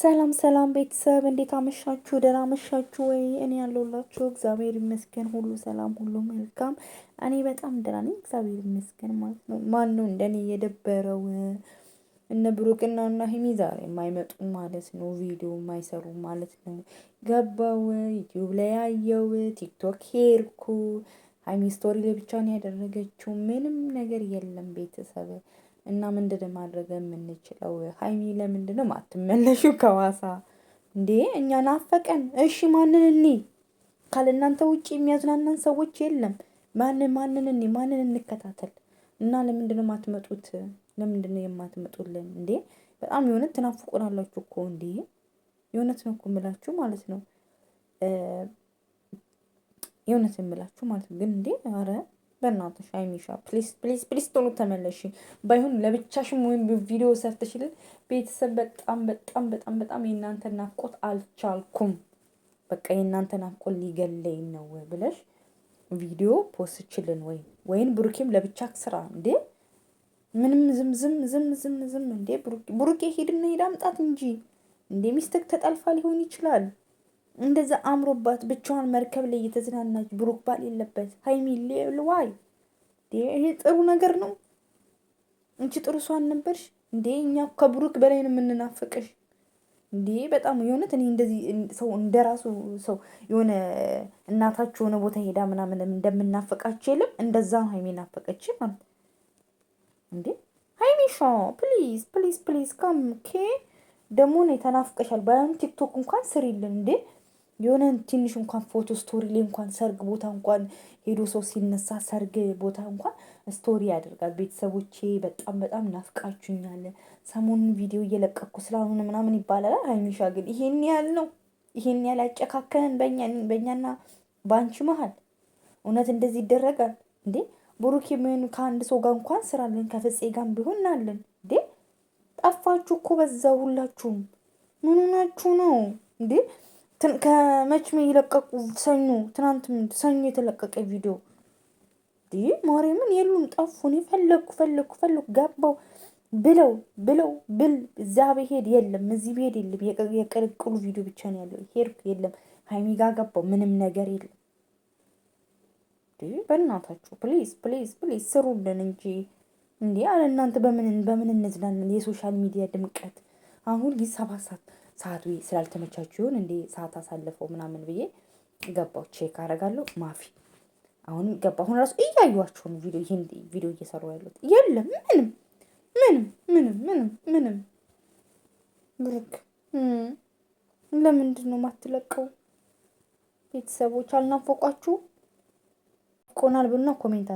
ሰላም ሰላም ቤተሰብ እንዴት አመሻችሁ? ደህና አመሻችሁ ወይ? እኔ ያለሁላችሁ እግዚአብሔር ይመስገን ሁሉ ሰላም፣ ሁሉ መልካም። እኔ በጣም ደህና ነኝ እግዚአብሔር ይመስገን ማለት ነው። ማን ነው እንደኔ የደበረው? እነ ብሩክና እና ሂሚ ዛሬ የማይመጡ ማለት ነው፣ ቪዲዮ የማይሰሩ ማለት ነው። ገባው ዩቲዩብ ላይ ያየው፣ ቲክቶክ ሄድኩ። ሀይሚ ስቶሪ ላይ ነው ያደረገችው፣ ምንም ነገር የለም ቤተሰብ እና ምንድን ማድረግ የምንችለው ሀይሚ ነው የማትመለሺው ከዋሳ እንዴ? እኛ ናፈቀን። እሺ ማንን እንይ? ካልእናንተ ውጭ የሚያዝናናን ሰዎች የለም። ማንን ማንን እንይ? ማንን እንከታተል? እና ለምንድነው የማትመጡት? ለምንድነው የማትመጡልን እንዴ? በጣም የእውነት ትናፍቁናላችሁ እኮ እንዴ! የእውነት ነው እኮ የምላችሁ ማለት ነው የእውነት የምላችሁ ማለት ነው ግን እንዴ! አረ በእናትሽ አይሚሻ ፕሊስ ፕሊስ ፕሊስ ቶሎ ተመለሽ። ባይሆን ለብቻሽም ወይም ቪዲዮ ሰርተሽልን ቤተሰብ በጣም በጣም በጣም በጣም የእናንተ ናፍቆት አልቻልኩም፣ በቃ የእናንተ ናፍቆት ሊገለኝ ነው ብለሽ ቪዲዮ ፖስትችልን ወይ ወይን ብሩኬም ለብቻ ስራ እንዴ ምንም ዝም ዝም ዝም ዝም ዝም እንዴ ብሩኬ ሄድና ሄድ አምጣት እንጂ እንዴ ሚስትክ ተጠልፋ ሊሆን ይችላል። እንደዛ አምሮባት ብቻዋን መርከብ ላይ እየተዝናናች ብሩክ ባል የለበት ሀይሚ ሌልዋይ ይሄ ጥሩ ነገር ነው። እንቺ ጥሩ ሰው አልነበርሽ እንዴ? እኛ ከብሩክ በላይ ነው የምንናፍቅሽ እንዴ። በጣም የሆነት እኔ እንደዚህ ሰው እንደ ራሱ ሰው የሆነ እናታችሁ የሆነ ቦታ ሄዳ ምናምን እንደምናፈቃችሁ የለም። እንደዛ ነው ሀይሚ ናፈቀች ማለት እንዴ። ሀይሚ ሾ ፕሊዝ ፕሊዝ ፕሊዝ ካም ኬ ደግሞ ነው የተናፍቀሻል። ባይሆን ቲክቶክ እንኳን ስሪልን እንዴ የሆነ ትንሽ እንኳን ፎቶ ስቶሪ ላይ እንኳን ሰርግ ቦታ እንኳን ሄዶ ሰው ሲነሳ ሰርግ ቦታ እንኳን ስቶሪ ያደርጋል። ቤተሰቦቼ በጣም በጣም ናፍቃችሁኛል፣ ሰሞኑን ቪዲዮ እየለቀኩ ስላልሆነ ምናምን ይባላል። ሀይሚሻ ግን ይሄን ያህል ነው? ይሄን ያህል ያጨካከንን በእኛና በአንቺ መሀል እውነት እንደዚህ ይደረጋል እንዴ? ብሩክ የሚሆን ከአንድ ሰው ጋር እንኳን ስራለን ከፍፄ ጋር ቢሆን እናለን እንዴ? ጠፋችሁ እኮ በዛ ሁላችሁም። ምኑ ናችሁ ነው እንዴ? ከመች የለቀቁ ሰኞ ትናንት ሰኞ የተለቀቀ ቪዲዮ ይህ ማርያምን የሉም ጠፉ። እኔ ፈለግኩ ፈለግኩ ፈለግኩ ገባው ብለው ብለው ብል እዛ ብሄድ የለም እዚህ ብሄድ የለም። የቅልቅሉ ቪዲዮ ብቻ ነው ያለው። ሄድኩ የለም ሀይሚ ጋ ገባው ምንም ነገር የለም። በእናታችሁ ፕሊዝ ፕሊዝ ፕሊዝ ስሩልን እንጂ እንዲህ አለ እናንተ በምን በምን እንዝናለን? የሶሻል ሚዲያ ድምቀት አሁን ይሰባሳት ሰዓቱ ስላልተመቻችሁን እንዴ ሰዓት አሳልፈው ምናምን ብዬ ገባው ቼክ አደርጋለሁ። ማፊ አሁን ገባ። አሁን ራሱ እያዩዋቸው ነው ቪዲዮ ይህን ቪዲዮ እየሰሩ ያሉት የለም ምንም ምንም ምንም ምንም ምንም ብሩክ ለምንድን ነው የማትለቀው? ቤተሰቦች አልናፈቋችሁ? ቆናል ብና ኮሜንት